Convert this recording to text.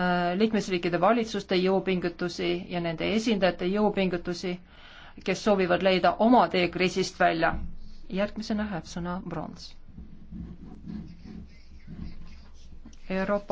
Äh, liikmesriikide valitsuste jõupingutusi ja nende esindajate jõupingutusi, kes soovivad leida oma tee kriisist välja. järgmisena läheb sõna Brons. Euroopa